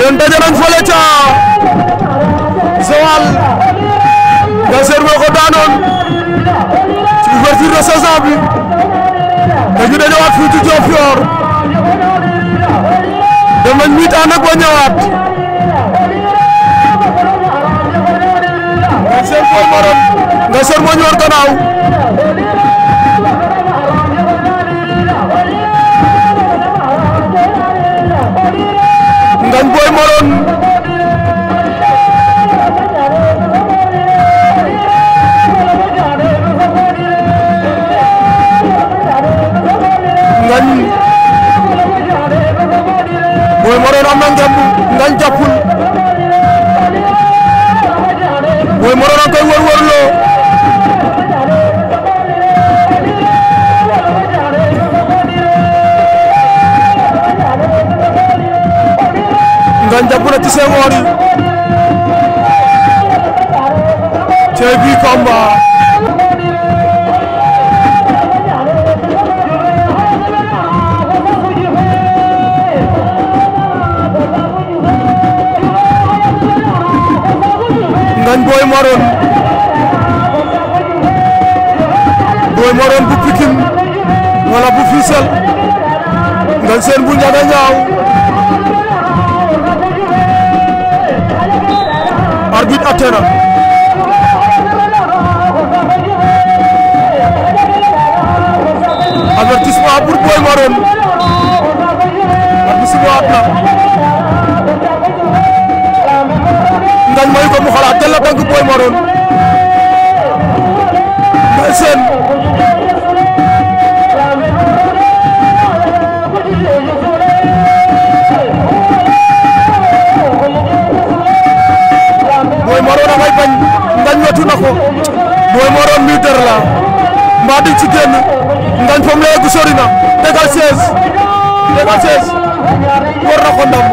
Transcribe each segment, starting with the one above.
ren daje nañ fële ca Joal Gasser moo ko daanoon ci ouverture de saison bi dañu dajewaat fii ci Diofior dem nañ huit ba ñëwaat Gasser moo moo ñu war ngañ Boy Marone am na ngemb ngañ jàppul Boy Marone loo ngañ jàpp na ci seen woor doon Boy Maroon Boy Maroon bu Pikin wala bu Fisel Ngagne Sène bu Ndiaga Niaw arbitre atte na avertissement pour Boy Maroon arbitre bi sifflé na la tànk Boy Maroon Mbaye Sène Boy Maroon dafay bañ ngañ wetu na ko Boy Maroon mi dër la di ci génn ngañ fa mu la yegg sori na tegal 16 tegal na ko ndam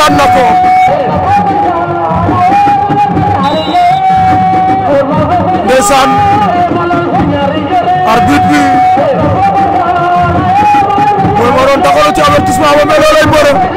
daan na ko ndeysaan arbitre bi mooy moo doon taxalu ci avertissement ba mais loolay bëre